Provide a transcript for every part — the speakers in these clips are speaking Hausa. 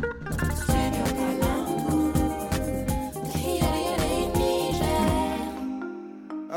Thank you.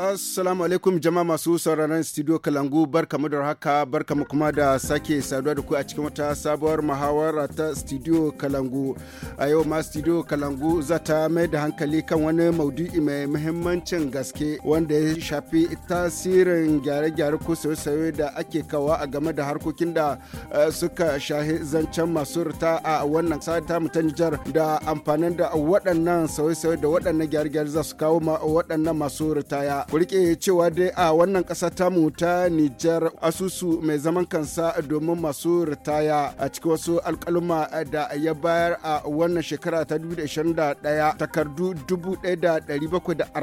Assalamu alaikum jama'a masu sauraron studio Kalangu mu da haka mu kuma da sake saduwa da ku a cikin wata sabuwar muhawara ta studio Kalangu. A yau ma studio Kalangu za ta mai da hankali kan wani maudu'i mai muhimmancin gaske wanda ya shafi tasirin gyare-gyare ko sauye-sauye da ake kawa a game da harkokin da eh, suka shahi zancen masu rita a wannan sata mu ta Nijar da amfanin da waɗannan sauye-sauye da waɗannan gyare-gyare za su kawo ma waɗannan masu ritaya. ku rike cewa dai a wannan ƙasa tamu ta Nijar asusu mai zaman kansa domin masu ritaya a cikin wasu alƙaluma da ya bayar a wannan shekara ta 2021 takardu 1,747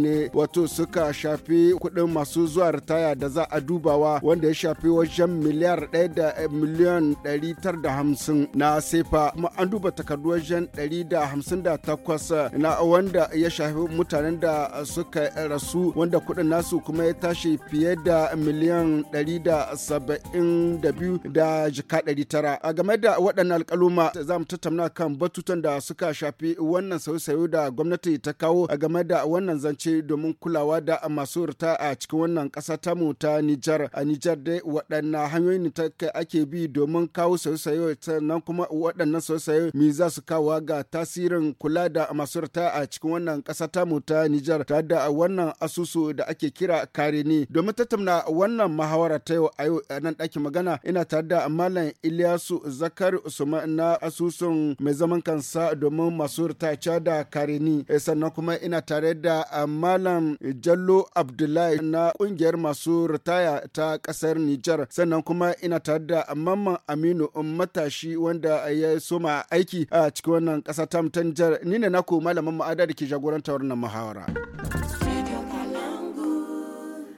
ne wato suka shafi kuɗin masu zuwa ritaya da za a dubawa wanda ya shafi wajen miliyar 1 da eh, miliyan 950 na sefa kuma an duba takardu wajen 158 eh, na wanda ya shafi mutanen da suka rasu wanda kuɗin nasu kuma ya tashi fiye da miliyan 172 da jika 900 a game da waɗannan alƙaluma za mu tattauna kan batutan da suka shafi wannan sauye-sauye da gwamnati ta kawo a game da wannan zance domin kulawa da masu rita a cikin wannan ƙasa mu ta Nijar a Nijar dai waɗannan hanyoyin da ake bi domin kawo sauye-sauye sannan kuma waɗannan sauye-sauye me za su kawo ga tasirin kula da masu rita a cikin wannan ƙasa mu ta Nijar ta da wannan asusu da ake kira kare ni domin tattauna wannan mahawara ta yau a yau nan ɗakin magana ina tare da malam Ilyasu Zakari Usman na asusun mai zaman kansa domin masu ritaca da kare ni eh, sannan kuma ina tare da malam Jallo Abdullahi na kungiyar masu ritaya ta kasar Nijar sannan kuma ina tare da Mamman Aminu um, matashi wanda ya soma aiki a cikin wannan ƙasa ta mutan Jihar. ni ne naku malamin ma'ada da ke jagorantar wannan muhawara.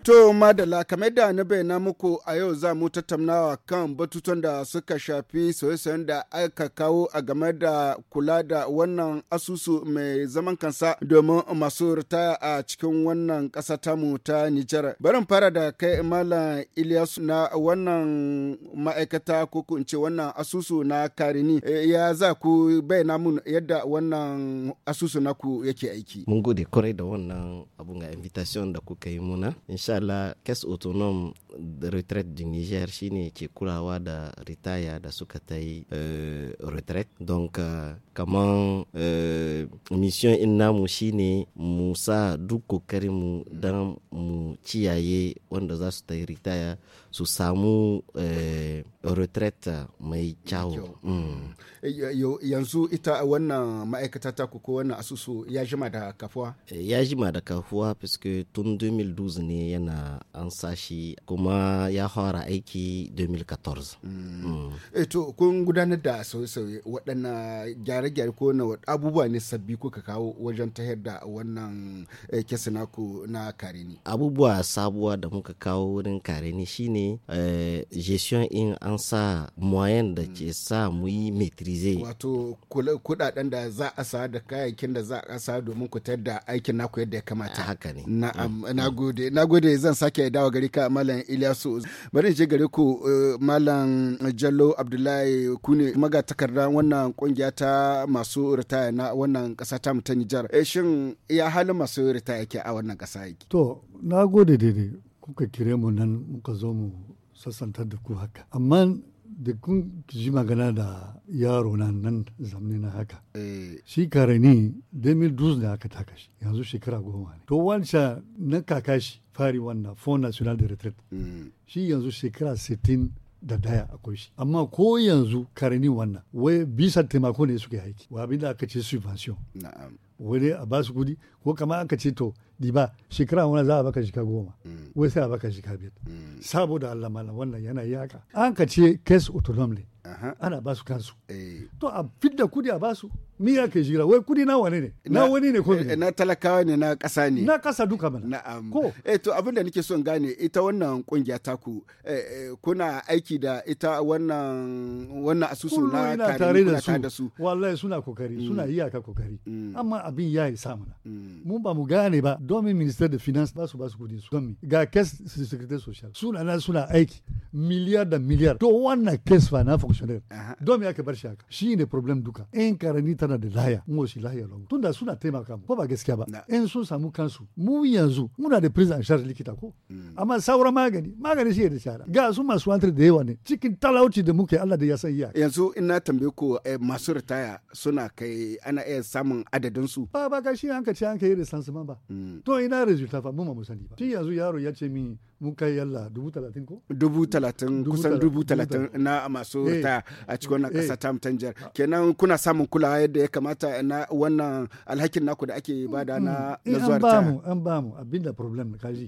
To madala kamar da na bayyana muku a yau za mu tattaunawa kan batutun da suka shafi soye-soyen da aka kawo a game da kula da wannan asusu mai zaman kansa domin masu ritaya a cikin wannan ƙasa tamu ta Nijar. Barin fara da kai Malam Ilyas na wannan ma'aikata ko in ce wannan asusu na Karini eh, ya za ku bayyana mun yadda wannan asusu naku yake aiki. Mun gode kwarai da wannan abun ga invitation da kuka yi muna. Insha la caisse autonome de retraite du Niger shine ke kulawa da ritaya da suka ta yi euh, retraite donc uh, kaman euh, mission in namu shine mu sa duk kokarin mu dan mu ciyaye wanda za su ta yi ritaya su samu euh, retraite mai kyau mm. Eh, yanzu ita wannan ma'aikata ta ko wannan asusu ya jima da kafuwa eh, ya jima da kafuwa que tun 2012 ne yana na an sashi kuma ya fara aiki 2014 mm. mm. eto eh, kun gudanar da sauye-sauye waɗannan gyare-gyare ko na abubuwa ne sabbi kuka kawo wajen ta da wannan e, eh, kesinaku na kareni abubuwa sabuwa da muka kawo wurin kareni shine e, gestion in an sa moyen da ke sa mu yi maitrize wato kudaden da za a sa da kayayyakin da za a sa domin ku da aikin naku yadda ya kamata haka ne mm. na gode gode zan sake dawo gari ka malam Ilyasu. Bari je gare ku eh, malam Jallo Abdullahi ku ne magatakarda wannan kungiya ta masu ritaya na wannan kasa ta mu ta Nijar. eh shin ya halin masu ritaya yake a wannan kasa yake? To, na gode daidai kuka kire mu nan muka zo mu sasanta da ku haka. Amma da kun ji magana da yaro na nan zamani na haka eh. shi karani 2012 da aka taka shi yanzu shekara goma ne to wancan na shi fari wannan fond national de retraite mm. shi yanzu shekara 60 da daya akwai shi amma ko yanzu karni wannan wai bisa taimako ne suke haiki. wa abin da aka ce subvention wani a basu kudi ko kama aka ce to diba shekara wani za a baka shika goma mm. wai sai a baka shika biyar mm. saboda Allah malam wannan yana yaka an ka ce case autonomy ana basu kansu eh. to a fidda kudi a basu min ya ke jira wai kudi na wani ne na wani ne ko eh, na talakawa ne na kasa ne na kasa duka na am ko eh to abin da nake son gane ita wannan kungiya ta ku eh, eh, kuna aiki da ita wannan wannan asusu na tare da su da su wallahi suna kokari mm. suna yi aka kokari mm. amma abin ya isa mana mm. mun ba mu gane ba domin minister da finance ba su ba su kudi su don ga kes secretary social suna na suna aiki miliyar da miliyar to wannan kes fa na functionary uh -huh. don me aka shi ne problem duka in ta. tana da laya mu laya lahiya tun tunda suna tema kama ko ba gaskiya ba in sun samu kansu mu yanzu muna da prison charge likita ko hmm. amma sauran magani magani shi da shara ga su masu wantar da yawa ne cikin talauci da muke Allah da ya san iya yanzu ina tambaye ku eh, masu ritaya suna kai ana iya samun adadin su ba ba ga shi an ka ci an ka yi da sansu ba hmm. to ina resulta fa mu ma mu sani ba tun yanzu yaro ya ce min mun kai yalla dubu talatin ko? dubu talatin kusan dubu talatin na masu eh, ta a cikin wannan eh, eh. ƙasa ta mutanjar kenan kuna samun kulawa yadda ya kamata na wannan alhakin naku da ake bada mm, mm, na mm. zuwa ta an ba mu an ba mu abinda problem kaji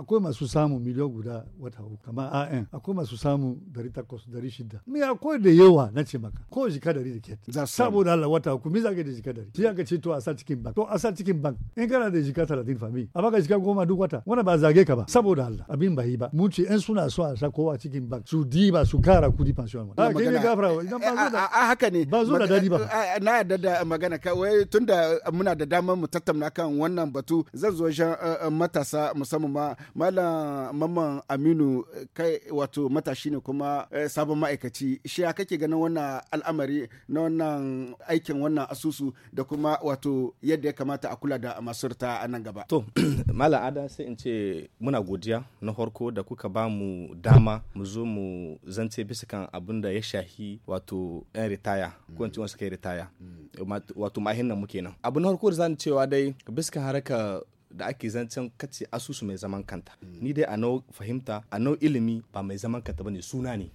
akwai masu samu miliyan guda wata uku kamar an akwai masu samu dari takwas dari shida mi akwai da yawa na ce maka ko jika dari da ket saboda Allah wata uku mi za ka da jika dari shi aka ce to a sa cikin bank to a sa cikin bank in kana da jika talatin fami a baka jika goma duk wata wani ba zage ka ba saboda Allah abin ba yi ba mu ce in suna so a sa kowa cikin bank su diba su kara kudi pension ma kai yi gafara idan ba zo da haka ne ba zo da dadi ba na yarda da magana ka wai tunda muna da damar mu tattauna kan wannan batu zan zo wajen eh, eh, matasa musamman ma Malam Mamman Aminu kai wato matashi ne kuma eh, sabon ma'aikaci. Shi ya kake ganin wannan al'amari na wannan aikin wannan asusu da kuma wato yadda ya kamata a kula da masurta a nan gaba. To, Malam Ada sai in ce muna godiya na farko da kuka ba mu dama mu zo mu zance bisa kan abin da ya shahi wato 'yan ritaya ko in suka yi ritaya. Mm. Wato mahin nan muke nan. Abu na farko da zan cewa dai bisa haraka da ake zancen kace asusu mai zaman kanta ni dai a nau fahimta a nau ilimi ba mai zaman kanta bane suna ne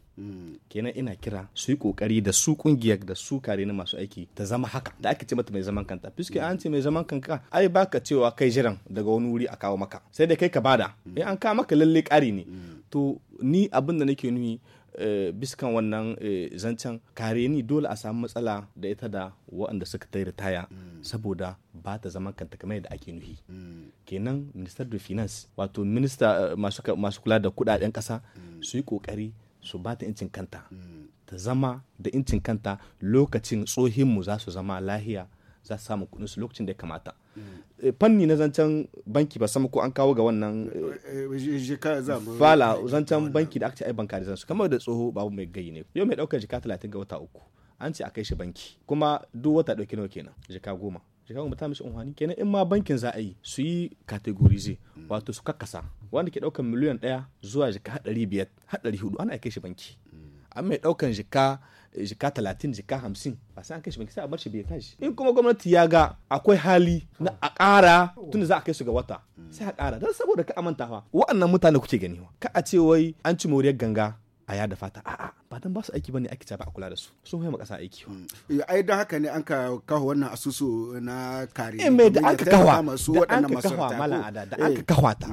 kenan ina kira su yi kokari da su kungiyar da su kare na masu aiki ta zama haka da ake ce mata mai zaman kanta fiske an ce mai zaman kanka ai baka cewa kai jiran daga wani wuri a kawo maka sai da kai ka bada in an kawo maka lalle kari ne to ni abin da nake nuni eh, biskan wannan eh, zancen kare ni dole a samu matsala da ita da waɗanda suka ta ritaya saboda ba ta zama kanta kamar yadda ake nuhi mm. kenan minister de finance wato minister eh, masu kula da kudaden kasa mm. su yi kokari su ba ta incin kanta mm. ta zama da incin kanta lokacin tsohinmu za su zama lahiya za su samu kudin su lokacin da ya kamata eh, fanni na zancen banki ba sama ko an kawo ga wannan eh, fala zancen banki da aka ce ai da su kamar da tsoho babu mai gayi ne yau mai daukar jika talatin ga wata uku an ce a kai shi banki kuma duk wata dauki nawa kenan jika goma shekara ba ta mishi unhwani kenan in ma bankin za a yi su yi categorize wato su kakkasa wanda ke daukan miliyan daya zuwa jika hadari biyar hadari hudu ana kai shi banki an mai daukan jika jika talatin jika hamsin ba sai an kai shi banki sai a bar shi biyar. kashi in kuma gwamnati ya ga akwai hali na a kara tun za a kai su ga wata sai a kara don saboda ka wa. wa'annan mutane kuke gani ka a ce wai an ci moriyar ganga a ya da fata a'a ba dan ba su aiki bane aiki ba a kula da su sun hoya kasa aiki mm. ai don haka ne an ka kawo wannan asusu na kare eh mai da aka kawo da an ka kawo mala ada da eh. an ka kawo ta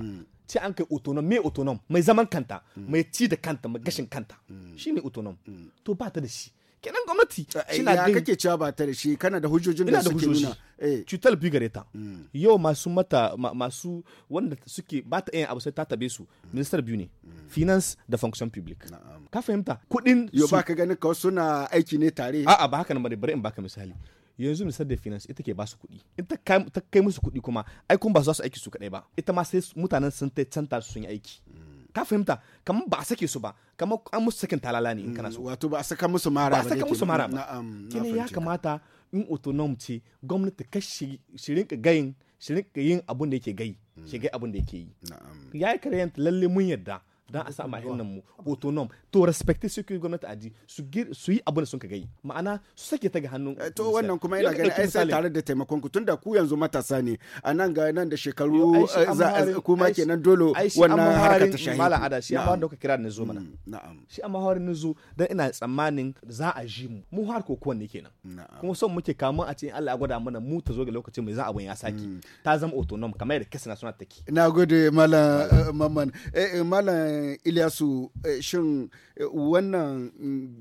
ce mm. an kai autonom mai otonom mai zaman kanta mm. mai ci da kanta mai gashin kanta shine otonom to ba ta da shi kenan gwamnati eh, eh, ya kake cewa ba ta da shi kana da hujjojin da suke nuna eh. cutar bigareta mm. yau masu mata masu wanda suke ba ta yin abu sai ta tabe su mm. minister biyu ne mm. finance da function public ka fahimta kudin yau ba ka gani kawai suna aiki ne tare a'a ba haka nan bari bari in baka misali yanzu minister da finance ita ke ba kuɗi in ta kai musu kuɗi kuma ai kun ba su aiki su kadai ba ita ma sai mutanen sun ta canta su sun yi aiki ka fahimta kamar ba a sake su ba kamar an musu sakin talala ne in kana so mm, wato ba a saka musu mara ba a saka musu mara ba kina ya kamata in autonomy ce gwamnati ka shirin ka gayin shirin ka yin abun da yake gai shi mm. gai abun da yake yi ya yi karyanta lalle mun yadda don a sa ma'ahin mu autonom to respecte ce que gwamnati a di su gir su yi abin da sun ka gai ma'ana su sake ta ga hannun eh, to wannan kuma ina gani ai sai tare da taimakon ku tunda ku yanzu matasa ne anan ga nan da shekaru eh, kuma kenan dole wannan harkar ta shahi mala ada shi amma da kuka kira ni zo mana mm, na'am shi amma hawar ni zo dan ina tsammanin za a ji mu mu har ko kuwan ne kenan kuma son muke kamun a cikin Allah ya gwada mana mu ta zo ga lokacin mai za abun ya saki mm. ta zama autonom kamar yadda kasa na suna take nagode mala eh, mamman eh mala Ilyasu eh, shin eh, wannan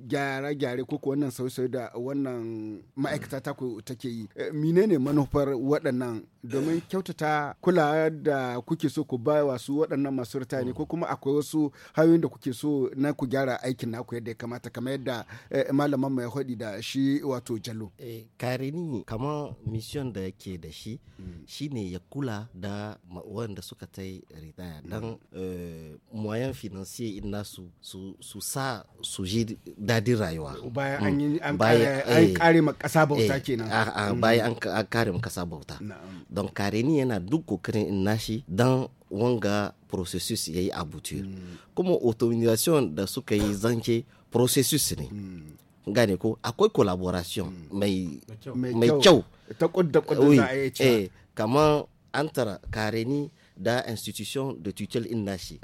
gyare-gyare ko wannan sauye da wannan ma'aikata ta take yi eh, menene manufar waɗannan domin kyautata kula da kuke so ku ba wa su waɗannan masu ritaya ko kuma akwai wasu hanyoyin da kuke so na ku gyara aikin naku yadda ya kamata kamar yadda malaman mai haɗi da shi wato jalo. karini kamar mission da yake da shi mm. shine ya kula da wanda suka ta ritaya don yan finansiye in su su su sa su ji dadin rayuwa bayan mm. an yi an kare ma kasa bauta kenan bayan an kare ma kasa bauta don kare ni yana duk kokarin in shi don wanga processus yayi yi abutu mm. kuma automation da suka yi zance processus ne mm. gane ko akwai collaboration mai kyau ta kudda kudda za a yi eh, kamar an tara kare ni da institution de tutelle in nashi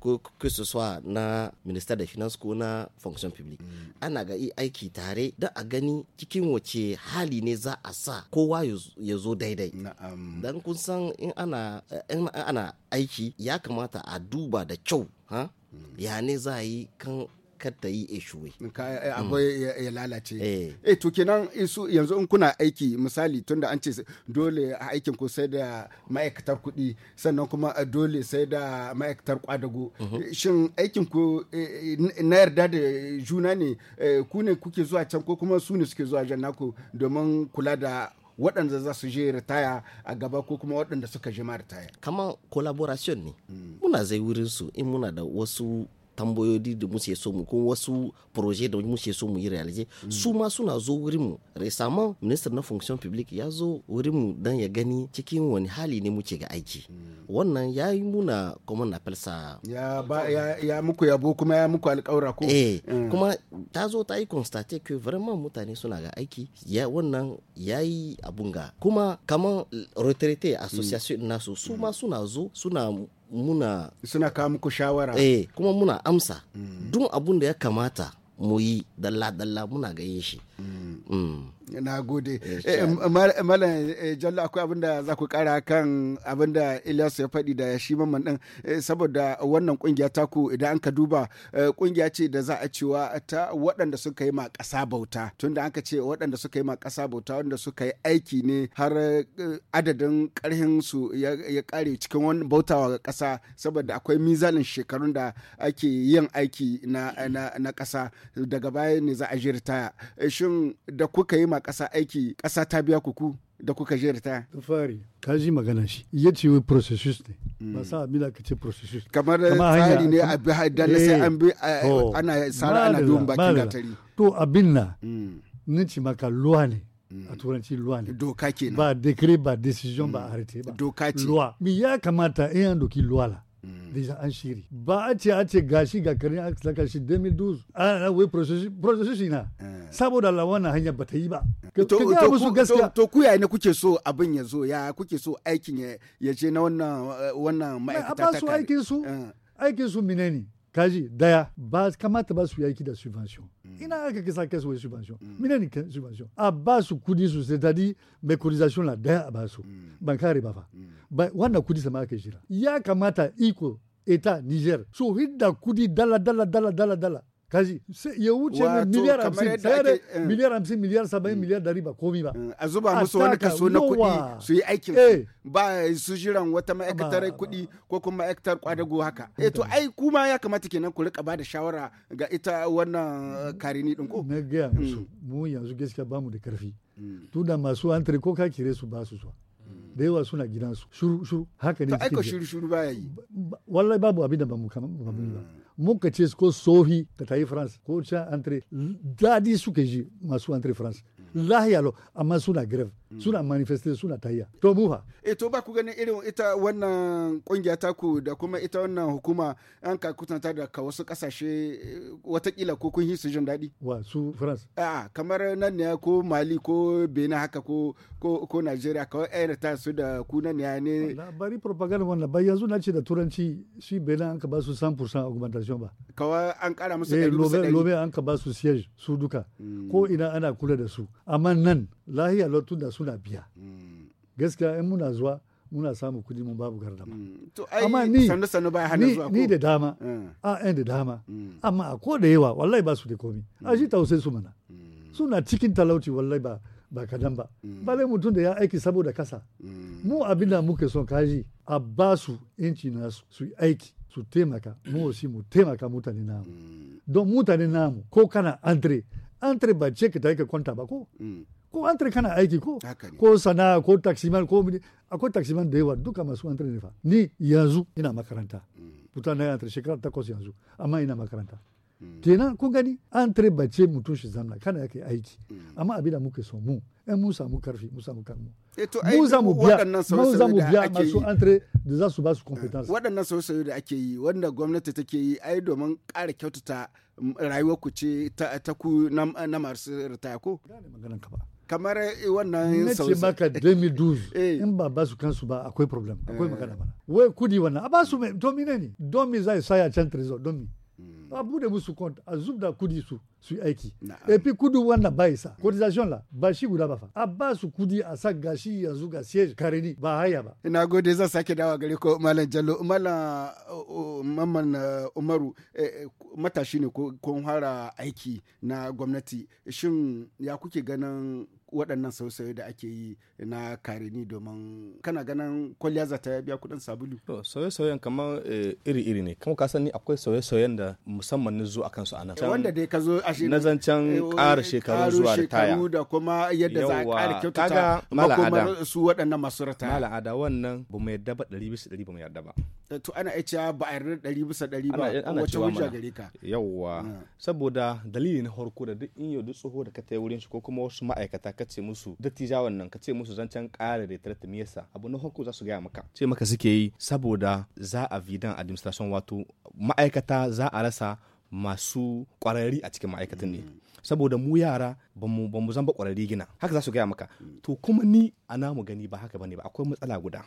ko que ce soit na ministère da finance ko na fonction publique. Mm. ana ga aiki tare da a gani cikin wace hali ne za a sa kowa ya zo daidai dan kun san in ana ana aiki ya kamata a duba da kyau ha mm. ya ne za a yi kan kar ta yi ishuwe eh, mm. akwai ya lalace eh. eh to kenan isu yanzu in kuna aiki misali tunda an ce dole aikin ku sai da ma'aikatar kuɗi sannan kuma eh, dole sai da ma'aikatar kwadago mhm. shin aikin ku na yarda da juna ne ku ne kuke zuwa can ko kuma su ne suke zuwa jan naku domin kula da waɗanda za su je ritaya a gaba ko kuma waɗanda suka je ma ritaya. kamar collaboration ne. Mm. Muna zai wurin su in muna da wasu tambayoyi da muke so mu ko wasu projet da muke so mu yi realize su ma suna zo wurin mu récemment ministre na fonction publique ya zo wurin mu dan ya gani cikin wani hali ne muke ga aiki wannan ya yi muna common na sa. ya ba ya, muku yabo kuma ya muku alƙawara ko eh mm. kuma ta zo ta yi constate que vraiment mutane suna ga aiki ya wannan yayi abun ga kuma kaman retraité association nasu su ma suna zo suna muna suna kawo muku shawara eh kuma muna amsa mm. duk abun da ya kamata mu yi dalla-dalla muna ganin shi mm. mm. na gode eh, eh, malam eh, jalla akwai abinda da za ku kara kan abinda da ya faɗi da shi mamman ɗin saboda wannan kungiya ta ku idan an ka duba kungiya ce da za a cewa ta waɗanda suka yi ma ƙasa bauta tunda an ka ce waɗanda suka yi ma ƙasa bauta wanda suka yi aiki ne har adadin ƙarhin su ya ƙare cikin wani bautawa ƙasa saboda akwai mizalin shekarun da ake yin aiki na ƙasa daga baya ne za a jirta shin da kuka yi ma ƙasa aiki ƙasa ta biya kuku da kuka jerta. Tufari, ka ji magana shi. Ya ce wai processus ne. Hmm. Ba sa abin da ka ce processus. Kamar eh, tsari ne a bi haddana sai an bi eh, eh. ana sara ana biyun bakin gatari. To abin na, hmm. ni ce maka luwa ne. a hmm. turanci luwa ne doka kenan ba decret ba decision ba arrêté ba doka ce luwa mi ya kamata in an doki luwa la Déjà en Syrie. Ah, eh. Ba a ce a ce gashi ga karin a saka shi 2012. Ana wai procession na. Saboda Allah wannan hanya ba yi ba. To ku yayi ne kuke so abin ya zo ya kuke so aikin ya je na wannan wannan ma'aikata ta. A ba su aikin su. Eh. Aikin su menene? kaji daya ba kamata ba su yaki da subvention mm. ina aka kisa kai su subvention mine mm. ne subvention a ba su kudi su c'est sai tadi mekurization la daya a ba su mm. ban kare ba fa wannan kudi sama aka jira ya kamata iko eta niger so hidda kudi dala dala dala dala dala kaji sai ya wuce ne miliyar hamsin sai da eh. miliyar hamsin miliyar saba'in mm. miliyar dari ba komi ba mm. a zuba musu wani kaso na kuɗi su yi aikin eh. ba su jiran wata ma'aikatar kuɗi ko kuma ma'aikatar kwadago haka eh to ai kuma ya kamata kenan ku rika da shawara ga ita wannan eh, karini din ko na gaya mm. musu mu yanzu gaskiya ba mu da karfi tunda masu antare ko ka kire su ba su zuwa da yawa suna gidansu shuru shuru haka ne ta aika shuru shuru ba yi wallahi babu abin da ba mu ba mun ka ce ko sofi ka tafi france ko can entre daɗi suka ji masu entre france lahiya lo amma suna grave mm. suna manifeste suna tayya to muha e eh, to ba ku ganin irin ita wannan kungiya ta ku da kuma ita wannan hukuma an ka kutanta da ka wasu kasashe eh, watakila ko kun yi su jin daɗi wa su france a kamar nan ne ko mali ko benin haka ko ko ko nigeria ka ayar ta su da ku nan ne ne labari propaganda wannan bai yanzu na ce da turanci shi benin an ka ba su 100% augmentation ba kawai an kara musu 100% eh, lobe an ka ba su siege su duka mm. ko ina ana kula da su amma nan lahiya lotun tunda suna biya mm. gaskiya in muna zuwa muna samun kudi mun babu gardama mm. amma ni zuwa ni da dama mm. a ɗan da dama amma a ko da yawa wallahi ba su da komi a shi tausai su mana suna cikin talauci wallahi ba ba kadan ba bare mutum da ya aiki saboda kasa mu abin da muke son kaji a ba su inci na su aiki su taimaka mu si mu taimaka mutane namu don mutane namu ko kana andre antri ba ce ka yi ka kwanta ba ko mm. ko antri kana aiki ko ko sana ko taximan ko akwai taximan da yawa duka masu antri ne fa ni yanzu ina makaranta mutane mm. antri shekara takwas yanzu amma ina makaranta kenan mm. kun gani an bace mutum shi zamna kana ya kai aiki mm. amma abin da muke so mu ɗan eh, mu samu karfi mu samu karmu eh, mu za biya mun za mu biya masu tare da za su ba su competence eh, waɗannan sauye da ake yi wanda gwamnati take yi ai domin ƙara kyautata mm, rayuwar ku ce ta ku na masu ritaya ko maganar ka ba kamar wannan sauye ce maka 2012 in ba ba su kansu ba akwai problem akwai magana bana wai kudi wannan a ba su domin ne domin zai saya can trezor domin Hmm. a bude su compte a zu da kudi su su yi aiki et puis kudu wanda ba sa cotisation la bashi guda bafa. a ba su kudi a sa gashi yanzu ga siège karini ba haya ba ina gode zan sake dawa gare ko malam jallo malam uh, uh, mamman uh, umaru eh, eh, matashi ne ko kun fara aiki na gwamnati shin ya kuke ganin waɗannan sausaye da ake yi na karini domin kana ganin kwalliya za ta biya kuɗin sabulu. sauye-sauyen kamar eh, iri-iri ne kuma kasan ni akwai sauye-sauyen da musamman ni zo akan su a nan. wanda dai ka zo a shi na zancen eh, oh, ƙara shekaru zuwa da taya. da kuma yadda za a ƙara kyautata malaada. su waɗannan masu rataya. mala'ada wannan ba mu yarda ba ɗari bisa ɗari ba mu yarda ba. Eh, to ana iya cewa ba a yarda ɗari bisa ɗari ba wacce hujja gare ka. yawwa hmm. saboda dalili na farko da duk in yau duk tsoho da ka ta wurin shi ko kuma wasu ma'aikata ka ce musu dattijawan nan ka ce musu zancen da retraite me yasa abu na farko za su gaya maka ce maka suke yi saboda za a vidan administration wato ma'aikata za a rasa masu kwararri a cikin ma'aikatan ne saboda mu yara ba mu zamba kwararri gina haka za su gaya maka to kuma ni a namu gani ba haka bane ba akwai matsala guda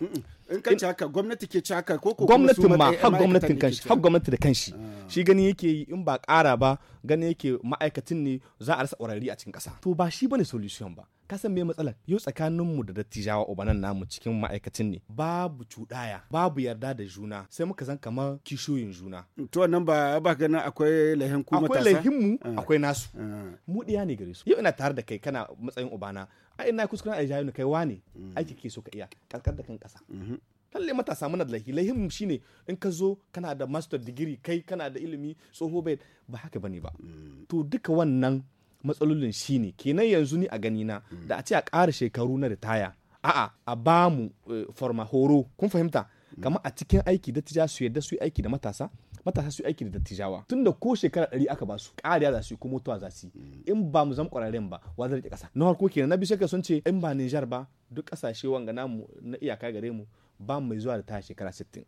in kan haka gwamnati ke ci haka ko gwamnatin ma har gwamnatin kanshi har gwamnati da kanshi ah. shi gani yake yi in ba kara ba gani yake ma'aikatan ne za a rasa kwararri a cikin kasa to ba shi bane solution ba ka san me matsalar yau mu da dattijawa ubanan namu cikin ma'aikacin ne babu cuɗaya babu yarda da juna sai muka san kamar kishiyoyin juna to nan ba ba nan akwai lahin ku matasa akwai lahin mu eh. akwai nasu eh. mu diya ne gare su yau ina tare da kai kana matsayin ubana. a ina kuskuren ajiya jayo kai wane mm. aiki ke so ka iya kankar da kan kasa mm-hmm. lalle matasa muna da lahi mu shine in ka zo kana da master degree kai kana da ilimi tsoho bai ba haka bane ba mm. to duka wannan matsalolin shi shine kenan yanzu ni a gani na. Mm. da a ce a ƙara shekaru na ritaya a'a a ba mu eh, forma horo kun fahimta mm. kamar a cikin aiki dattija su yadda su aiki da matasa matasa su aiki da dattijawa Tun da ko shekara ɗari aka ba su ƙariya za su yi ko mutuwa za su yi mm. in ba mu zama ƙwararren ba wa zai riƙe ƙasa na harko kenan na biyu shekara sun ce in ba Nijar ba duk ƙasashe wanga namu na iyaka gare mu ba mai zuwa da ta shekara sittin.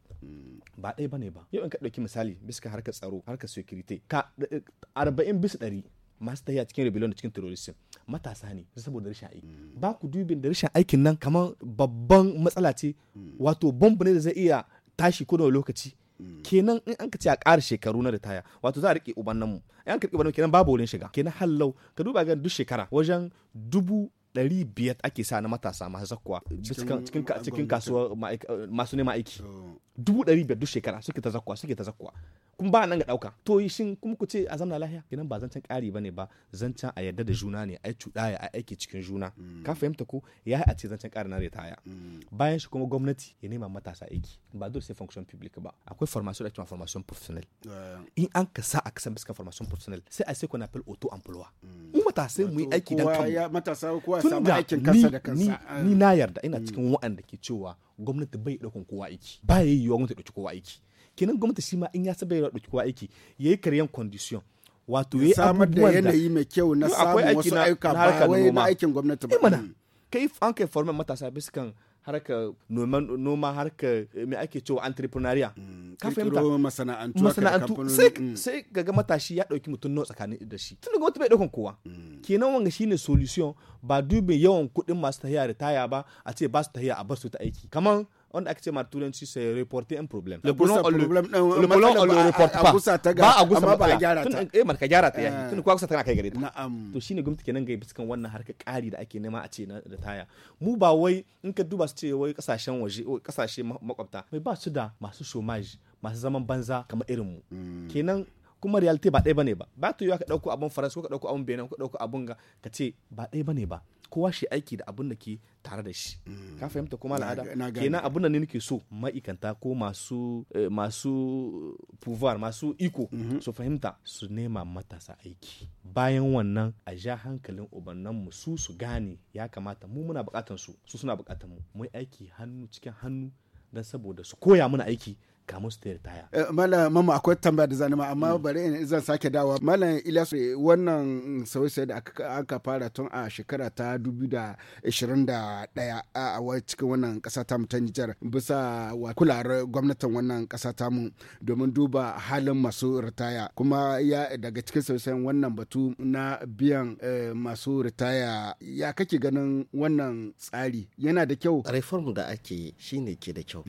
ba ɗaya ba ne ba yau in ka ɗauki misali bisa harkar tsaro harkar security ka 40 eh, bisa ɗari masu tahiya cikin rebellion da cikin terrorism matasa ne saboda rashin aiki ba ku dubin da rashin aikin nan kamar babban matsala ce wato bomb ne da zai iya tashi ko lokaci kenan in an ka ce a ƙara shekaru na ritaya wato za a riƙe uban namu in an ka riƙe uban kenan babu wurin shiga kenan hallau ka duba ga duk shekara wajen dubu ɗari biyar ake sa na matasa masu zakkuwa cikin kasuwa masu neman aiki dubu ɗari biyar duk shekara suke ta zakkuwa suke ta zakkuwa in ba nan ga dauka to shin kuma ku ce a zamna lahiya idan ba zancen ƙari ne ba zancen a yarda da juna ne ai cuɗaya ai aiki cikin juna mm. ka fahimta ko ya a ce zancen ƙari na retaya mm. bayan shi kuma gwamnati ya nema matasa aiki ba dole sai function public ba akwai formation da formation professional eh. in an ka sa a kasan bisa formation professional sai a sai na fil auto employer mm. mu matasa mu yi aiki dan kanmu matasa kowa ya samu aikin kansa da kansa eh. ni na yarda ina cikin waɗanda ke cewa gwamnati bai ɗaukan kowa aiki ba yayi yiwuwa gwamnati ɗauki kowa aiki kenan gwamnati shi ma in ya saba yau ɗauki kowa aiki yi karyan condition wato ya samar da yanayi mai kyau na samun wasu ayyuka ba wai na aikin gwamnati ba eh, hmm. kai an kai formar matasa bisikan kan harka noma harka eh, mai ake cewa entrepreneuria hmm, ka fahimta masana'antu masana'antu sai gaga hmm. matashi ya dauki mutum nawa tsakanin da shi tun daga wata bai daukan kowa kenan wanga shine solution ba dubin yawan kudin masu tahiya da taya ba a ce ba su tahiya a bar su ta aiki kamar on a ce turanci sai reporter un problème le boulon on le le boulon on le reporte pas ba a gusa ba gyara ta eh marka gyara ta yayi eh. eh. tun kuwa kusa tana kai gare ta na'am to shine gwamnati kenan ga biskan wannan harka kari da ake nema a ce na da taya mu ba wai in ka duba su ce wai kasashen waje kasashe makwabta mai ba su da masu chomage masu zaman banza kamar irin mu hmm. kenan kuma reality ba ɗaya bane ba ba to yiwa ka ɗauko abun faransa ko ka ɗauko abun benin ko ka ɗauko abun ga ka ce ba ɗaya bane ba kowa shi aiki da abin da ke tare da shi mm. ka fahimta kuma al'ada kenan abin da ne nake so ma'aikanta ko masu eh, masu pouvoir masu iko mm-hmm. su fahimta su nema matasa aiki bayan wannan a ja hankalin ubannan mu su su gane ya kamata mu muna bukatan su su suna bukatan mu mu aiki hannu cikin hannu dan saboda su koya mana aiki kamus ta ritaya. Eh, Mala mama akwai tambaya da zanima amma mm. bari in zan sake dawa. Mala Ilyas eh, wannan sauye da aka fara tun a shekara ta 2021 a cikin wannan kasa tamu ta Nijar bisa wa kular gwamnatin wannan kasa tamu domin duba halin masu ritaya kuma ya daga cikin sauye wannan batu na biyan eh, masu ritaya ya kake ganin wannan tsari yana da kyau. Reform da ake shine ke da kyau. Mm.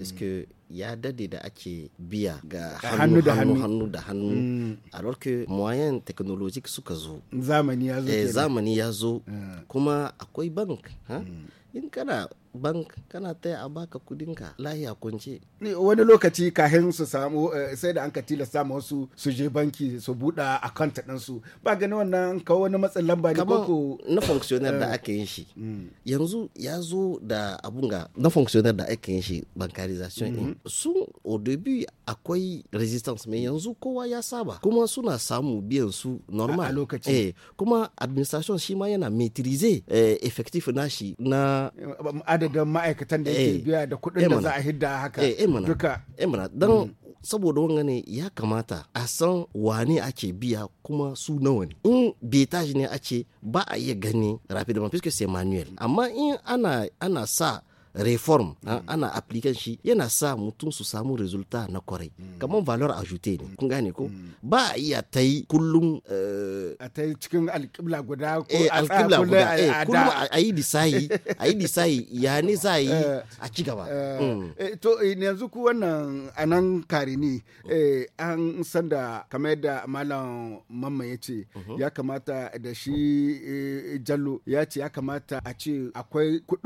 ya dade da ake biya ga hannu da hannu hannu da hannu mm. a lorke moyen technologique suka zo zamani ya zo eh, zamani ya zo eh. kuma akwai bank mm. in kana bank kana taya a baka kudinka lahiya kunce wani lokaci kahin su samu eh, sai da an ka tilasta ma wasu su je banki su buɗe account ɗinsu ba gani wannan kawo wani matsin lamba ne ko na functionnaire da eh. aka yin shi mm. yanzu ya zo da abun ga na functionnaire da aka yin shi bankarization din mm-hmm. sun au akwai resistance mai yanzu kowa ya saba kuma suna samu biyan su normal a lokaci eh, kuma administration shi ma yana maitrize na nashi na adadin ma'aikatan da yake eh, biya da kuɗin da eh za a hidda haka eh, duka don mm. saboda wanga ne ya kamata a san wane ake biya kuma su nawa ne in betaji ne ce ba a iya gani rapid man fiske sai manuel amma in ana ana sa reform ah, ana application shi yana sa mutum su samu resulta na kwarai hmm. kamar valor ajoute ne kun gane ko hmm. ba a iya ta yi kullum eh, a ta yi cikin alƙibla guda ko eh, a alƙibla guda eh, kullum a yi disayi a yi disayi ya ne za a yi a ci gaba hmm. to yanzu ku wannan anan karini an san da kamar yadda malam mamma ya ce uh-huh. ya kamata da shi jallo ya ce ya kamata a ce akwai ku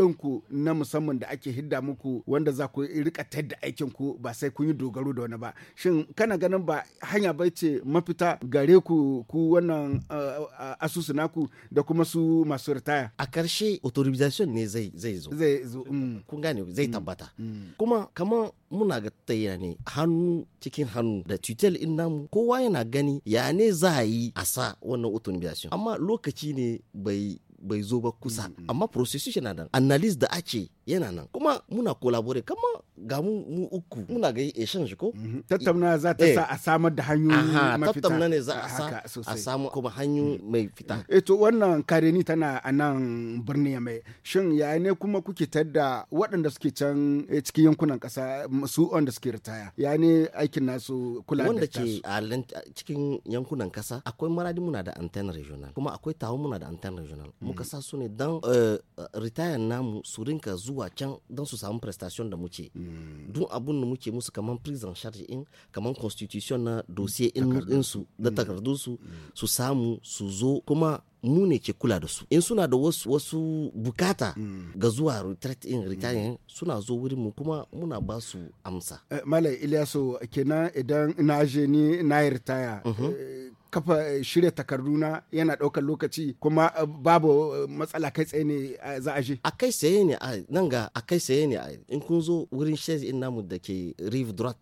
na musamman abubuwan da ake hidda muku wanda za ku rika tadda aikin ku ba sai kun yi dogaro da wani ba shin kana ganin ba hanya ba ce mafita gare ku ku wannan eh, eh, asusu naku da kuma su masu ritaya a karshe authorization ne zai zo zai zo mm. kun gane zai mm, tabbata mm. kuma kamar muna ga tayyana ne hannu cikin hannu da tutel in namu kowa yana gani ya ne za a yi a sa wannan authorization amma lokaci ne bai bai zo ba kusa amma processus yana da analysis da ake yana nan kuma muna kolabore kama ga mu uku muna ga eshan shi ko mhm. tattauna za ta eh. sa a samar da hanyoyi mafita tattauna ne za a sa a samu kuma hanyo mhm. mai fita eh to wannan kareni tana a nan birni mai shin ya ne kuma kuke tadda waɗanda suke can eh, cikin yankunan ƙasa mm, su wanda suke ritaya ya ne aikin nasu kula da wanda ke a cikin yankunan ƙasa akwai maradi muna da antenna regional kuma akwai tawo muna da antenna regional mhm. muka sa su ne dan eh, ritayan namu su rinka zuwa zuwa can don su samu prestation da muke mm. duk abun da muke musu kamar prison charge in kamar constitution na dossier in su da mm. takardunsu mm. su samu su zo kuma mu ne ke kula da su in suna da wasu, wasu bukata mm. ga zuwa in retiring mm. suna zo wurin mu kuma muna ba su amsa uh, eh, malai ilyaso kenan idan na aje ni na yi ritaya uh -huh. uh, kafa eh, shirya takarduna yana daukar lokaci kuma eh, babu matsala kai tsaye ne za a je a kai tsaye ne a nan ga a kai tsaye ne a in kun zo wurin shez in namu da ke rive drought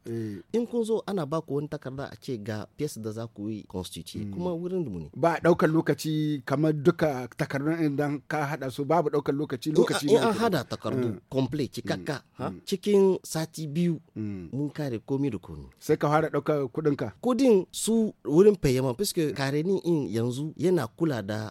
in kun zo ana ba ku wani takarda a ce ga fes da za ku yi constitute mm. kuma wurin mu ne ba daukar lokaci kamar duka takardun idan ka hada su babu daukar lokaci lokaci ne an hada takardu mm. complete cikakka mm. Mm. cikin sati biyu mun kare komi da komi sai ka fara daukar kudin ka kudin su wurin fayyaman fiske kare ni in yanzu yana kula da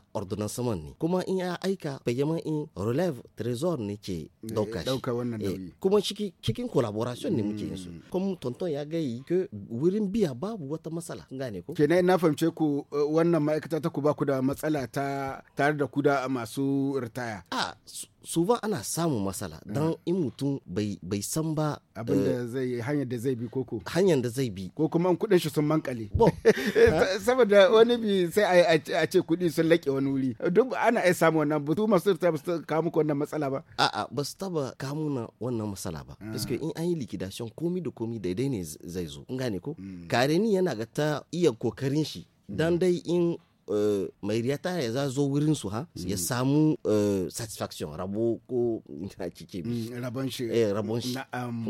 saman ne kuma in ya aika fayyaman in relève trésor ne ke dauka eh, shi dauka wannan eh, nauyi kuma cikin collaboration ne muke yin su kuma tonton ya yi ke wurin biya babu wata matsala gane ko kenan na fahimce ku eh, wannan ma'aikata ta ku ba ku da matsala matsala ta tare da kuda a masu ritaya a su ba ana samun matsala don mm. in mutum bai san ba abin da eh, zai hanyar da zai bi koko hanyar da zai bi ko kuma kudin shi sun mankale saboda wani bi sai a ce kudi sun laƙe wani wuri duk ana ai samu wannan ba su masu ritaya ba su kawo muku wannan matsala ba a'a ba su taba kamu na wannan matsala ba iske mm. in an yi likidashon komi da komi daidai ne zai zo in gane ko mm. kare ni yana ga ta iya kokarin shi dan dai in Eh, mai riyata ya za zo wurin su ha hmm. ya samu eh, satisfaction rabo ko na kike hmm, rabon shi eh rabon shi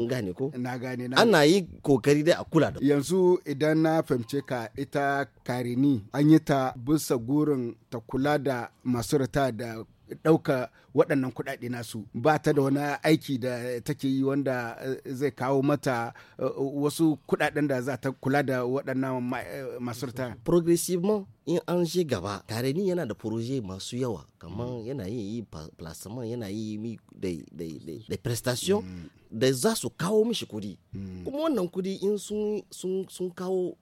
gane ko na gane na ana yi kokari dai a kula da yanzu idan na fahimce ka ita karini an yi ta bisa gurin ta kula da masu rita da ɗauka waɗannan kuɗaɗe nasu ba ta da wani aiki da take yi wanda eh, zai kawo mata eh, wasu kuɗaɗen da za ta kula da waɗannan eh, masurta. progressivement in an je gaba tare ni yana da proje masu yawa kamar yana yi plasman yana yi da prestation mm. da za su kawo mishi kudi mm. kuma wannan kudi in sun kawo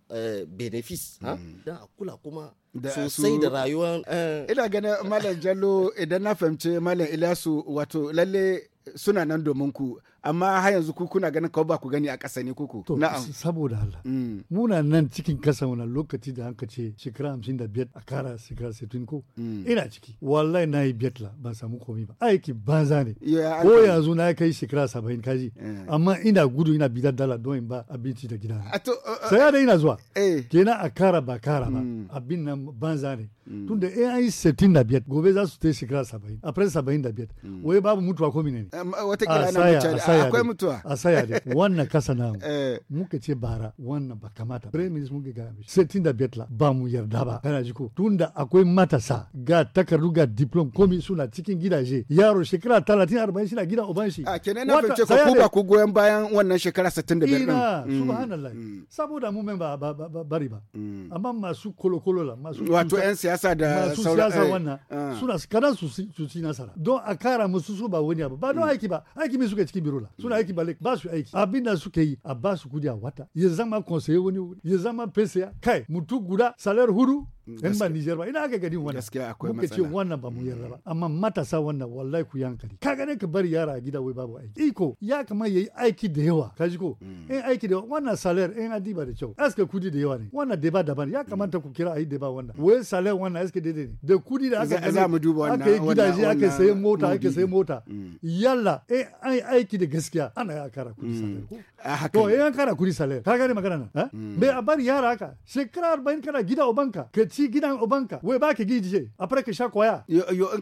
benefis don mm. a kula kuma sosai da rayuwa ina ganin malam jallo idan na fahimci malam Malam Ilyasu wato lalle suna nan domin ku amma har yanzu ku kuna ganin kawai ba ku gani a ƙasa ne kuku. To saboda Allah. Mm. Muna nan cikin kasa wani lokaci da hanka ce shekara hamsin da biyar a kara shekara sittin ko. Mm. Ina ciki. Wallahi na yi biyar la ba samu komi ba. Aiki banza ne. Ko yanzu na kai shekara saba'in kaji. Eh. Amma ina gudu ina bidar dala don in ba abinci da gida. Uh, uh, Saya da ina zuwa. Eh. Kenan a kara ba kara ba. Mm. Abin nan banza ne. tun in an yi sittin da biyar gobe za su ta shekara saba'in. Après saba'in da biyar. Wai babu mutuwa ko mine ne. Wata kira na mutuwa. asaya akwai mutuwa asaya saya wannan kasa na eh. muka ce bara wannan ba kamata prime minister muka ga mishi sai tinda betla ba mu yarda ba kana ji ko tunda akwai matasa ga takardu ga diplom komi suna cikin gidaje yaro shekara 30 40 shi na gida uban shi a kenan na fice ko ku ba ku goyon bayan wannan shekara 65 din ina mm. subhanallah mm. saboda mu men ba bari ba mm. amma masu kolokolo la masu wato yan siyasa da sauran eh, wannan ah. suna kana su su ci nasara don a kara musu su ba wani abu ba don aiki ba aiki mai suka cikin biro la suna aiki balik basu su aiki abin da suke yi a ba su kudi a wata ya zama konseye wani wuri ya zama pesa kai mutu guda salar huru in ba Nijar ba ina ga gani wannan gaskiya akwai matsala kace wannan ba mu yarda ba mm. amma matasa wannan wallahi ku yankari ka ne ka bari yara a gida wai babu aiki iko ya kama yayi aiki da yawa ka ji ko mm. in aiki da wannan salar in ba da kyau aska kudi da yawa ne wannan deba daban ya kamata mm. ku kira ayi deba wannan wai salar wannan aska daidai ne da kudi da aka za mu duba wannan aka gida ji aka sayi mota aka sayi mota yalla in ai aiki da gaskiya ana ya kara kudi salar ko to in an kara kudi salar ka ne magana nan bai a bari yara haka shekara 40 kana gida ubanka ka ci shi gidan ubanka wai ba ka gidije après ka sha kwaya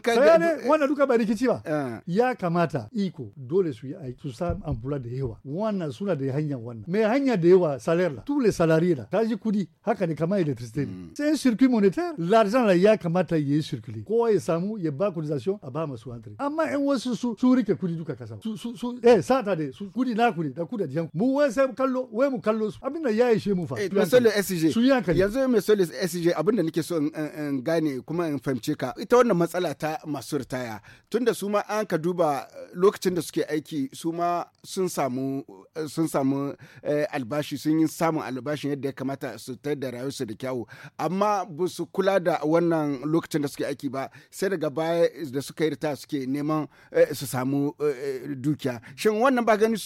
saya ne eh. wannan duka ba rikici ba eh. ya kamata iko dole su yi aiki su sa amfula da yawa wannan suna da hanyar wannan mai hanya da yawa salari la tule salari la ta ji kudi haka ne kamar electricité ne mm. c'est un circuit monétaire l'argent la ya kamata ya yi circuler kowa ya samu ya ba cotisation a ba masu entry amma in wasu su su rike kudi duka kasa su su su eh sata de su kudi na kudi da kudi jiyan mu wai sai kallo wai mu kallo su abin da ya ishe mu fa eh monsieur le SG su yanka yanzu monsieur le SG abin da nake so in gane kuma in fahimce ka ita wannan matsala ta masu ritaya tunda su ma an ka duba eh, lokacin da suke aiki su ma sun samu eh, eh, albashi sun yi samun albashin yadda ya kamata su ta da rayuwarsu da kyawu amma ba su kula da wannan lokacin da suke aiki ba sai daga baya da suka yi ritaya suke neman su samu dukiya shin wannan ba gani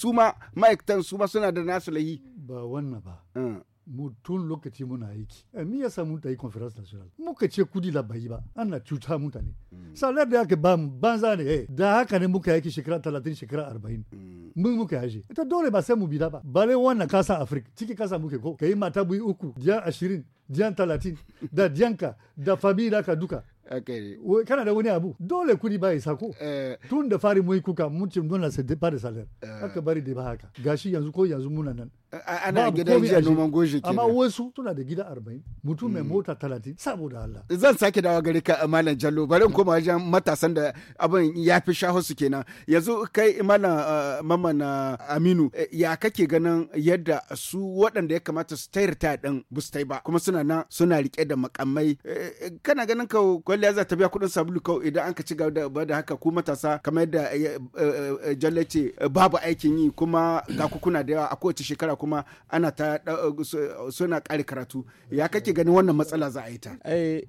su ma ma'aikatan su ma suna da nasu lahi ba wannan ba mm. mu lokaci muna aiki eh, me yasa mun ta yi conference national muka ce kudi la bayi ba ana cuta mutane mm. salar da aka bam banza ne eh. da haka ne muka yaki shekara talatin shekara arba'in mm. mun muka yaje ita dole ba sai mu bi ba bale wannan kasa afirka ciki kasa muke ko kai mata bui uku diyan ashirin diyan talatin da dianka da fabila ka duka Okay. kana da wani abu dole kudi ba isa ko eh. tun da fari mu yi kuka mun ce dole sai da de salar aka bari da ba haka gashi yanzu ko yanzu muna nan ana gidan jiya noman goji kenan amma wasu suna da gida 40 mutum mai mm. mota 30 saboda Allah zan sake dawo gare ka malam Jallo bari koma wajen matasan da abin ya fi shaho su kenan yanzu kai malam eh, mamana eh, Aminu eh, ya kake ganin yadda su waɗanda ya kamata su tayar ta din bu ba kuma suna nan suna rike da makamai kana ganin ka kwalliya za ta biya kuɗin sabulu kau idan an ka ci gaba da haka ku matasa kamar yadda jallace babu aikin yi kuma ga kuna da yawa a kowace shekara kuma ana ta suna ƙari karatu ya kake ganin wannan matsala za a yi ta eh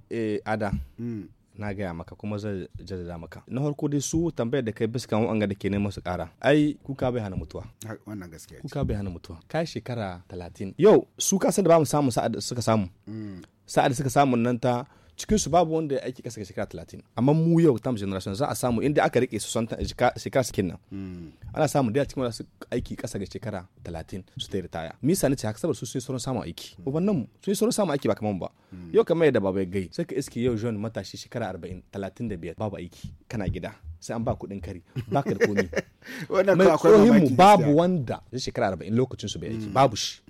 ada hmm. na gaya maka kuma zai jaddada maka na farko dai su tambayar da kai bisa wa'anga da ke neman su kara ai kuka bai hana mutuwa wannan gaskiya kuka bai hana mutuwa kai shekara talatin yau su kasan da ba mu samu sa'ad suka samu hmm. sa'ad suka samu nan ta cikin su babu wanda ya aiki kasa shekara talatin amma mu yau tam generation za a samu inda aka rike su shekara sakin nan hmm. ana samu da cikin su aiki kasa ga shekara talatin su ta ritaya misa ne ce haka saboda su sun sauran samun aiki hmm. ubannan mu sun sauran samun aiki ba kaman ba hmm. yau kamar yadda baba gai sai ka iske yau jeune matashi shekara arba'in talatin da biyar babu aiki kana gida sai an ba kuɗin kari ba ka da komi mai tsohin babu wanda ya shekara arba'in lokacin su bai aiki babu shi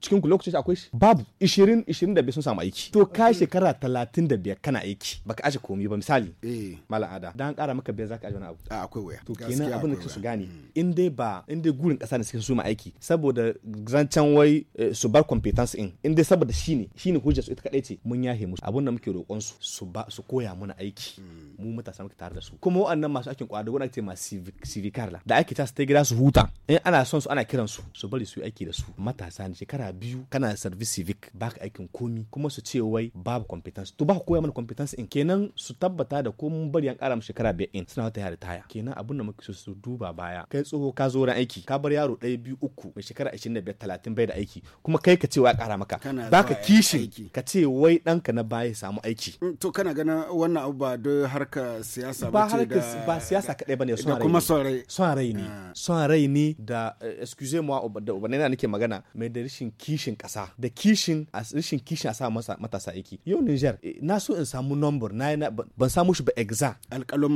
cikin ku lokacin shi akwai shi babu ishirin ishirin da bai sun samu aiki to ka shekara talatin da biyar kana aiki baka ashe komi ba misali eh. malam ada dan kara maka biyar zaka aje wani abu a akwai waya to kenan abin da su gane hmm. in dai ba in dai gurin kasa ne suke su ma aiki saboda zancen wai eh, su bar competence in in dai saboda shine shine hujja su ita kadai ce mun yahe musu abun da muke roƙon su su ba su koya mana aiki hmm. mu mutasa muke tare da su kuma waɗannan masu aikin kwadago na ce masu civic civicar da ake ta su su huta in ana son su ana kiran su su bari su aiki da su matasa ne shekara biyu kana service civic baka aikin komi kuma su ce wai babu competence to ba koya mana competence in kenan su tabbata da ko mun bari an kara mu shekara biyar in suna wata yare taya kenan abun da muke so su duba baya kai tsoho ka zo ran aiki ka bar yaro ɗaya biyu uku mai shekara ashirin da biyar talatin bai da aiki kuma kai ka ce wa kara maka baka kishin ka ce wai ɗanka na baya samu aiki mm, to kana ganin wannan abu ba don harka siyasa ba ce da ba siyasa kaɗai bane suna kuma rai son rai ne ah. son rai ne da eh, excuse moi da na nake magana mai da rishin kishin kasa da kishin a rishin kishin a sa masa matasa aiki yau Niger eh, na so in samu number na ban samu shi ba exa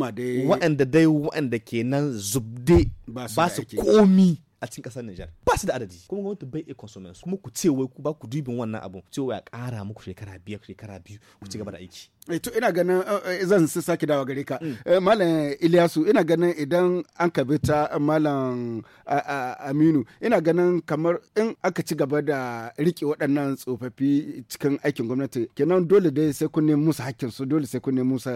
ma dai waanda dai waɗanda kenan zubde ba su komi a cikin kasar Nijar ba su da adadi kuma gwamnati bai iya consumer kuma ku ce wai ku ba ku dubin wannan abu ce wai a kara muku shekara biyar shekara biyu ku ci gaba da aiki eh, to ina ganin eh, eh, zan saki dawa gare ka mm. malam Ilyasu ina ganin idan an kabe ta malam Aminu ina ganin kamar in aka ci gaba da rike waɗannan tsofaffi cikin aikin gwamnati kenan dole dai sai kun nemi musu hakkin su dole sai kun nemi musu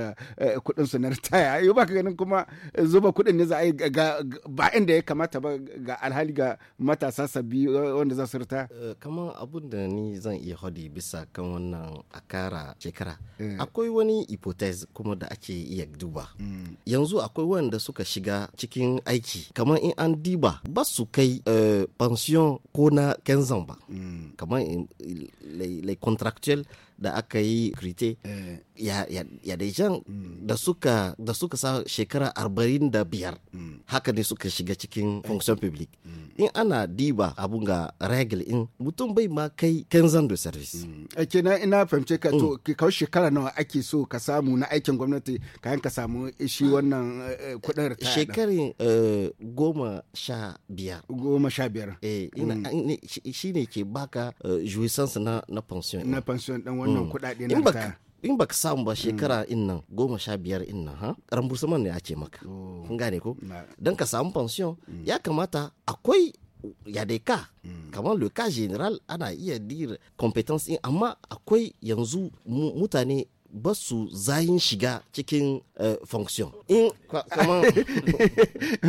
kuɗin su na ritaya yau ba ka ganin kuma zuba kuɗin ne za a yi ba inda ya kamata ba ga alhali ga matasa sabbi eh, wanda za su rita eh, kamar abun da ni zan iya hadi bisa kan wannan a shekara eh. akwai wani hypothesis kuma da ake iya duba mm. yanzu akwai wanda suka shiga cikin aiki kamar in an diba ba su kai pension ko na kenzan ba mm. kamar les contractual da aka yi krite eh. ya, ya, ya mm. da suka da suka sa shekara arba'in da biyar mm. haka ne suka shiga cikin eh. function public mm. in ana diba abun ga regal in mutum bai ma kai kenzan da service a eh, kenan ina fahimce ka to kawo shekara nawa ake so ka samu na aikin gwamnati kayan ka samu shi ah. wannan kudin ritaya shekarin goma sha biyar goma sha biyar shi ne ke baka jouissance na pension na pension dan wani wannan mm. na ta in baka samu ba mm. shekara in nan goma sha biyar in nan ha rambursaman ne ya ce maka oh. kun gane ko don ka samu pension mm. ya kamata akwai ya dai ka kamar le general ana iya dir competence in amma akwai yanzu mutane ba su zayin shiga cikin eh, function in kama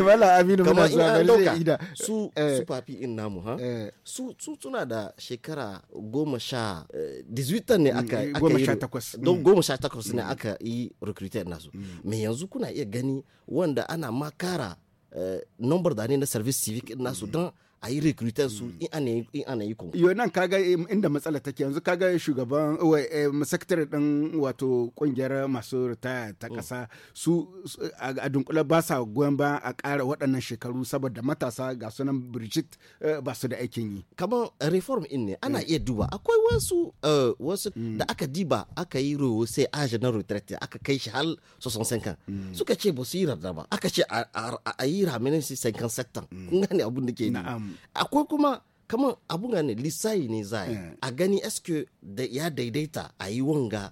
wala aminu muna zuwa bari zai ida su eh, su papi in namu ha eh. su su da shekara goma sha 18 ne aka mm, mm, yi don mm. goma sha takwas ne aka yi recruiter nasu me yanzu kuna iya gani wanda ana makara number da ne na service civic nasu don a yi recruiter su hmm. in ana yi kuma. Yau nan kaga eh, inda matsala take yanzu kaga shugaban eh, eh, sakatare ɗin wato ƙungiyar masu ritaya ta hmm. ƙasa su a dunkula ba sa goyon ba a ƙara waɗannan shekaru saboda matasa ga sunan Brigitte ba su da aikin yi. Kamar reform in ne ana iya duba akwai wasu wasu hmm. da aka diba aka yi rowo sai aji na retraite aka kai shi hal 65 sanka suka ce ba su yi rarraba aka ce a yi raminin 57 kun gane abun da ke yi. akwai kuma kamar abu ne lissayi ne za a eh. gani eske da ya daidaita a yi wanga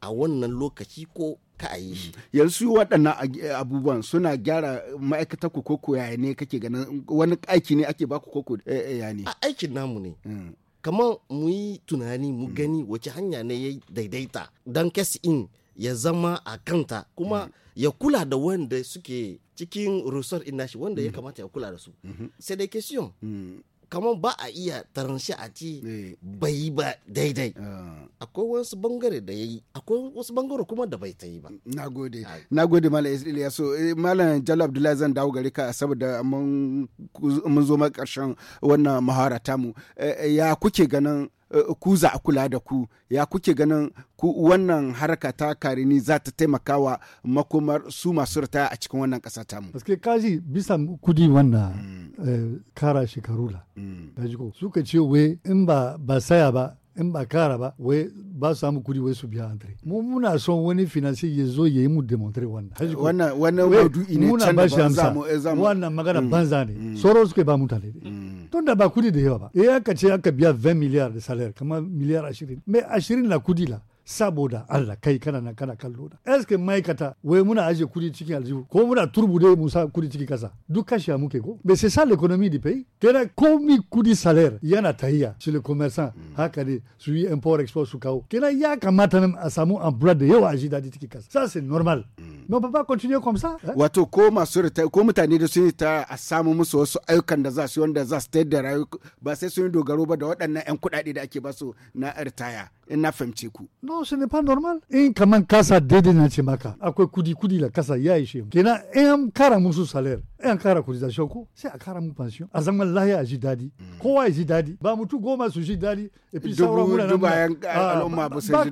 a wannan lokaci ko ka a yi shi mm. yanzu waɗannan eh, abubuwan suna gyara ma'aikatar ku koko yaya ne kake ganin wani aiki ne ake baku koko eh, ya ne aikin namu ne mm. kamar mu yi tunani mu mm. gani wace hanya ne ya daidaita don kes in ya zama a kanta kuma mm. ya kula da wanda suke cikin rusar inashi wanda ya mm. kamata ya kula da su mm-hmm. sai dai question mm. kamar ba a iya taranshi a ci eh. bai ba daidai ah. akwai wasu bangare da ya yi akwai wasu bangare kuma da bai ta yi ba nagode ah. nagode malam israel ya so eh, malam jalo abdullahi zan dawo gari ka saboda mun zo ma karshen wannan mahara tamu eh, ya kuke ganin Eh, ku za a kula da ku ya kuke ganin ku wannan harka ta karini za ta taimaka wa makomar su masu ritaya a cikin wannan ƙasa tamu. Aske kaji bisa kudi wanda mm. eh, kara shekaru la. Mm. suka ce we in ba ba saya ba in ba kara ba wai ba su samu kudi wai su biya antre mu muna son wani finance ya zo ya yi mu demontre wannan wannan wannan maudu'i ne muna ba shi amsa eh, wannan magana mm. banza ne mm. soro suke ba mutane mm. tun da ba kudi da yawa ba eh aka ce aka biya 20 miliyar da salary kamar miliyar 20 mai 20 na kudi la saboda Allah kai kana na kana kallo da eske ma'aikata wai muna aje kudi cikin aljihu ko muna turbude mu sa kudi cikin kasa duk kashi muke ko bai sai sa l'economie du pays kenan komi kudi salaire yana tahiya shi le commerçant mm. haka ne su yi import export su kawo kenan ya kamata nan a samu emploi da yawa a ji cikin kasa ça c'est normal mm. mais on peut pas continuer comme ça wato ko masu ko mutane da sun ta a samu musu wasu ayyukan da za su wanda za su tayar da rayuwa ba sai sun yi dogaro ba da waɗannan 'yan kuɗaɗe da ake basu na ritaya in na fahimce ku. No, ce ne pas normal. In kaman kasa daidai na ce maka akwai kudi kudi la kasa ya ishe mu. Kenan in an kara musu salar, in an kara cotisation ko sai a kara mu pension. A zaman lahiya a ji dadi. Mm. Kowa ya ji dadi. Ba mutu goma su ji dadi. E puis sauran muna nan. Ah, al'umma ba su ji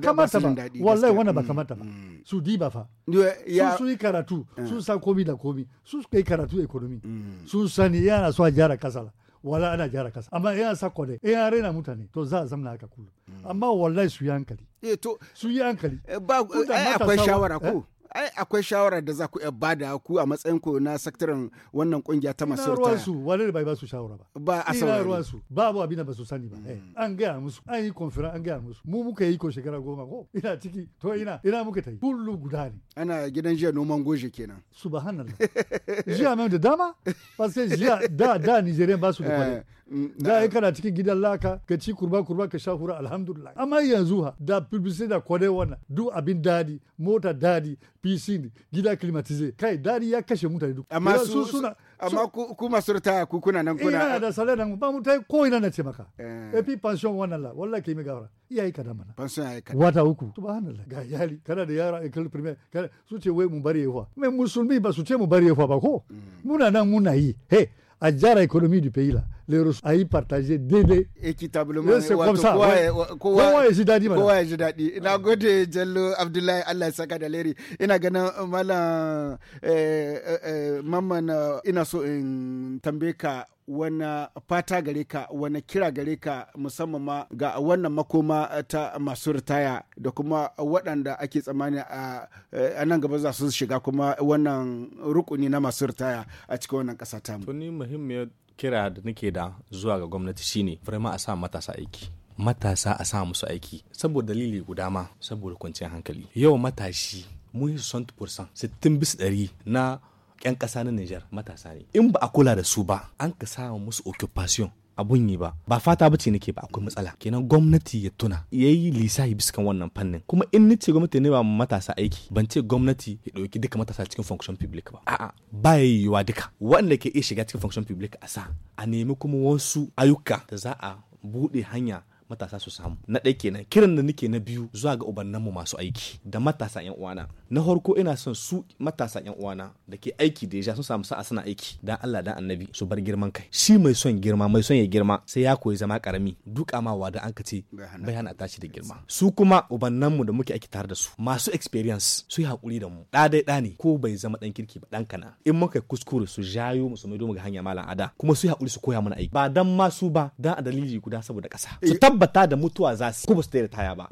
dadi. Wallahi wannan ba kamata ba. Mm. Su di ba fa. Mm. Su su yi karatu. Su san komi da komi. Su kai karatu economy. Su sani yana so a gyara kasa la. wala ana gyara kasa amma in an sa kwale in an raina mutane to za a zamna haka kullum hmm. amma wallahi su yi hankali eh to su yi hankali eh, ba akwai shawara ko eh? ai akwai shawara da za ku iya bada ku a matsayin ku na sakataren wannan kungiya ta masu ruwan su wani bai ba su shawara ba ba a saurari ruwan su babu abin da ba su sani ba hmm. eh, an gaya musu an yi konfira an gaya musu mu muka yi ko shekara goma ko ina ciki to ina ina muka tai kullu guda ne ana gidan jiya noman goje kenan subhanallah jiya mai da dama parce que jiya da da nigerian ba su da kwale eh. da ya kana cikin gidan laka ka ci kurba kurba ka sha hura alhamdulillah amma yanzu ha da publicity da kwade wannan duk abin dadi mota dadi pc gida climatize kai dadi ya kashe mutane duk amma su suna amma ku masurta ku kuna nan kuna ina da salari nan ba mutai ko ina na ce maka eh. epi pension wannan la wallahi kai mi gawara iyaye ka da mana pension ai ka wata uku subhanallah ga yali kana da yara ekal eh, premier kana su ce wai mu bari yawa mai musulmi ba su ce mu bari yawa ba ko mm. muna nan muna yi he a jara economy du pays la les ressources a yi partager daidai équitablement c'est comme ça kowa ya ji daɗi mana kowa ya ji daɗi ina gode jallo abdullahi allah ya saka da leri ina ganin malam eh, eh, eh, mamman ina so in tambaye ka wani fata gare ka wani kira gare ka musamman ma ga wannan makoma ta masu ritaya da kuma waɗanda ake tsammani a nan gaba za su shiga kuma wannan rukuni na masu ritaya a cikin wannan ƙasa ta mu. Tuni muhimmiyar kira da nake da zuwa ga gwamnati shine vraiment a sa matasa aiki matasa a sa musu aiki saboda dalili guda ma saboda kwanciyar hankali yau matashi mun yi 60% 60 na 'yan ƙasa na Nijar matasa ne in ba a kula da su ba an ka sa musu occupation abun yi ba ba fata bace nake ba akwai matsala kenan gwamnati ya tuna yayi lisa bisa biskan wannan fannin kuma in ni ce gwamnati ne ba matasa aiki ban ce gwamnati ya dauki duka matasa cikin function public ba a'a ba yiwuwa duka wanda ke iya shiga cikin function public a sa a nemi kuma wasu ayyuka da za a buɗe hanya matasa su samu na ɗaya kenan kiran da nake na biyu zuwa ga mu masu aiki da matasa yan uwana na farko ina son su matasa yan uwana da ke aiki deja sun samu sa'a suna aiki dan Allah dan annabi su bar girman kai shi mai son girma mai son ya girma sai ya koyi zama karami duka ma wada an ka ce bai hana tashi da girma su kuma mu da muke aiki tare da su masu experience su yi hakuri da mu da dai ɗa ne ko bai zama ɗan kirki ba ɗan kana in muka kuskure su jayo mu su maido mu ga hanya malam ada kuma su yi hakuri su koya mana aiki ba dan ma su ba dan a dalili guda saboda kasa. su eh, tabba tabbata da mutuwa za su kuma su da taya ba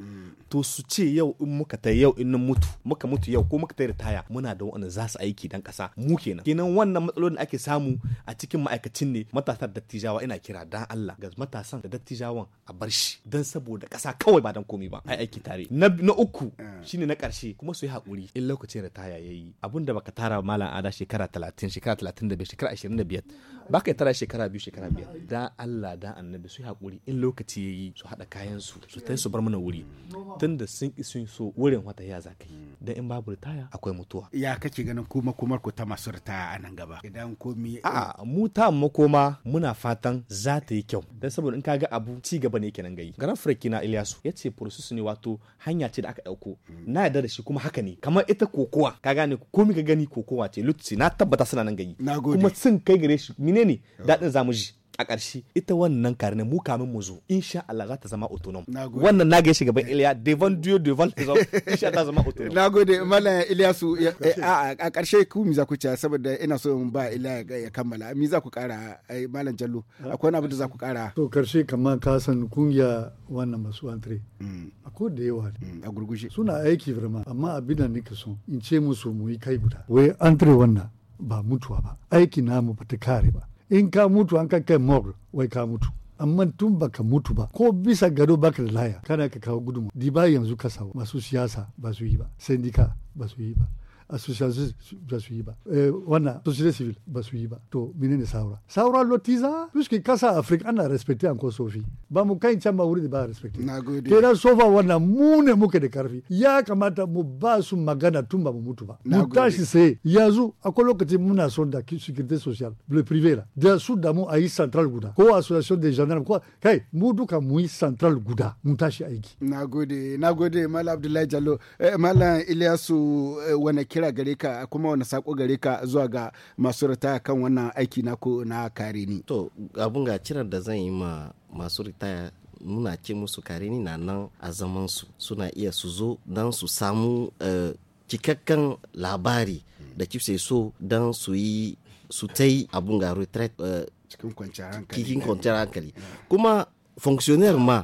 to su ce yau in muka ta yau in mutu muka mutu yau ko muka ta ritaya muna da wani zasu su aiki dan kasa mu kenan kenan wannan matsalolin da ake samu a cikin ma'aikacin ne matasa da dattijawa ina kira dan Allah ga matasan da dattijawan a bar shi dan saboda kasa kawai ba dan komi ba ai aiki tare na, na uku ah. shine na karshe kuma su yi hakuri in lokacin ritaya yayi abun da baka tara malam ada shekara 30 shekara 35 shekara 25 baka tara shekara biyu shekara biyar dan Allah dan annabi su yi hakuri in lokaci yayi su hada kayan su su tai su bar mana wuri da sun ki sun so wurin wata ya za ka yi hmm. dan in babu ritaya akwai mutuwa ya kake ganin ku makomar ku ta masu ritaya a nan gaba idan komi a'a mu ta makoma muna fatan za ta yi kyau dan saboda in ka ga abu ci gaba ne kenan gayi garan firki na Ilyasu yace process ne wato hanya ce da aka dauko hmm. na yarda da shi kuma haka ne kamar ita kokowa ka gane komi ka gani kokowa ce lutsi na tabbata suna nan gayi kuma sun kai gare shi menene dadin zamuji. a ƙarshe ita wannan karne mu kamin mu zo insha Allah za ta zama autonom wannan na gaishe gaban Iliya Devon Dio Devon insha Allah zama autonom nagode mallam Iliyasu a ƙarshe ku mi za ku ci saboda ina so in ba Iliya ya kammala mi za ku ƙara eh, mallam Jallo akwai wani abu da za ku ƙara to ƙarshe kamar ka san kungiya wannan masu antre mm. akwai da yawa mm, a gurgushe suna aiki firma amma abin da nake so in ce musu mu yi kai guda wai antre wannan ba mutuwa ba aiki namu ba ta kare ba in ka mutu an kai kai wai ka mutu amma tun baka mutu ba ko bisa gado baka da laya kana ka kawo gudunmu di yanzu ka samu masu siyasa ba su yi ba sendika ba su yi ba association ba su yi ba eh, wannan société civile ba su yi ba to ne saura saura lotiza puisque kasa afrique ana respecte anko sofi ba mu kai can ma wuri da ba respecte kenan sofa wannan mu ne muke da karfi ya kamata mu ba su magana tun ba mu mutu ba mu tashi sai yanzu akwai lokaci muna son da sécurité sociale le privé la da su da mu a yi central guda ko association des gendarmes ko kai mu duka mu yi central guda mu tashi aiki nagode nagode malam abdullahi jallo eh, malam ilyasu eh, wani kira kira gare ka kuma wani sako gare ka zuwa ga masu ritaya kan wannan aiki na ko na kare ni to abun ga kiran da zan yi ma masu ritaya muna ce musu kare ni na nan a zaman su suna iya su zo don su samu eh, cikakken labari da kifse so don su yi su ta yi abun ga retret eh, cikin kwanciyar hankali kuma funksionar ma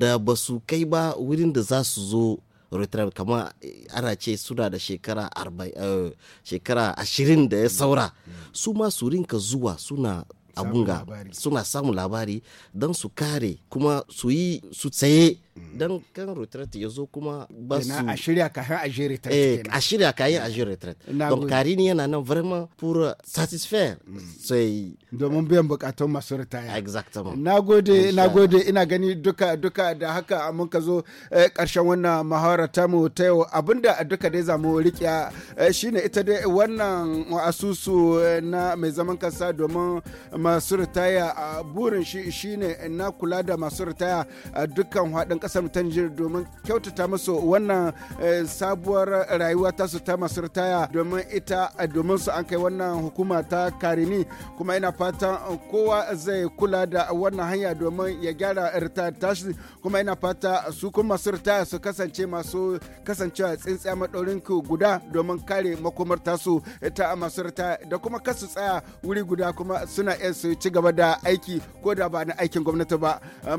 da ba su kai ba wurin da za su zo retire kama eh, ana ce suna da shekara eh, shekara ashirin da ya saura su ma su rinka zuwa suna abunga suna samun labari don su kare kuma su yi su tsaye Mm. dan kan retret ya zo kuma ba su a shirya ka a ajiyar retret eh a shirya ka a ajiyar retret don kari ne yana nan vraiment pour uh, satisfaire mm. sai domin biyan bukatun masu ritaya exactement nagode nagode ina gani duka duka da haka mun ka zo eh, karshen wannan muhawara ta mu ta yau abinda duka dai zamu rikiya eh, shine ita dai wannan asusu eh, na mai zaman kansa domin masu ritaya burin shi shine na kula da masu ritaya dukkan hadin kasar ta Nijar domin kyautata musu wannan eh, sabuwar rayuwa ta su ta masu ritaya domin ita eh, domin su an kai wannan hukuma ta karini kuma ina fatan eh, kowa zai kula da wannan hanya domin ya gyara ritaya ta shi kuma ina fata su kuma masu ritaya su kasance masu kasancewa tsintsiya maɗaurin guda domin kare makomar tasu ta masu ritaya da kuma kasu tsaya wuri guda kuma suna iya su ci gaba da aiki ko da ba na aikin gwamnati ba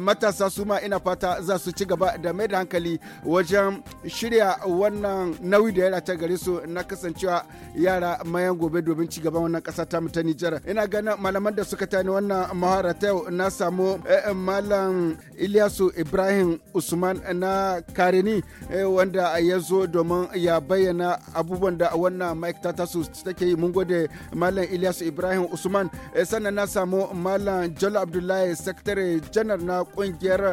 matasa su ma ina fata za su ci ci gaba da mai da hankali wajen shirya wannan nauyi da ya ta gare su na kasancewa yara mayan gobe domin ci gaban wannan kasa ta ta Nijar. Ina ganin malaman da suka tani wannan mahara ta yau na samu eh, malam Ilyasu Ibrahim Usman na Karini eh, wanda ya zo domin ya bayyana abubuwan da wannan Mike Tatasu take yi mun gode malam Ilyasu Ibrahim Usman eh, sannan na samu malam Jalo Abdullahi sakatare janar na kungiyar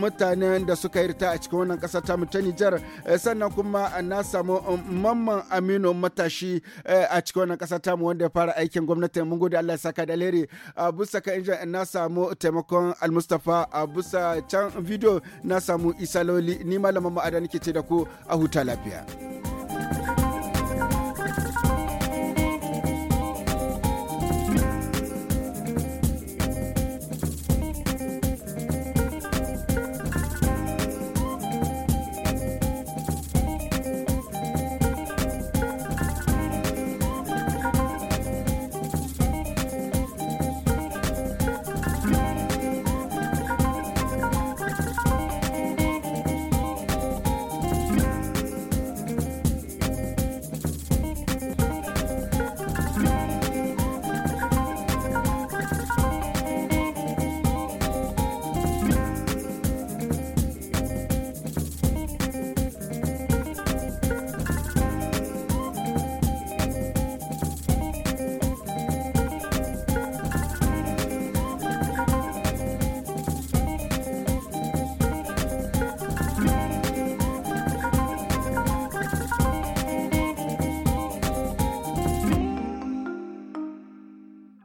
mutane ainihin da suka yarta a cikin wannan kasa ta ta Nijar eh, sannan kuma eh, na samu um, mamman Aminu matashi eh, a cikin wannan kasa ta mu wanda ya fara aikin gwamnati mun gode Allah ya saka da alheri a busa ka injin na samu taimakon Almustafa a busa can video na samu Isa Loli ni malamin ma'ada nake ce da ku a huta lafiya.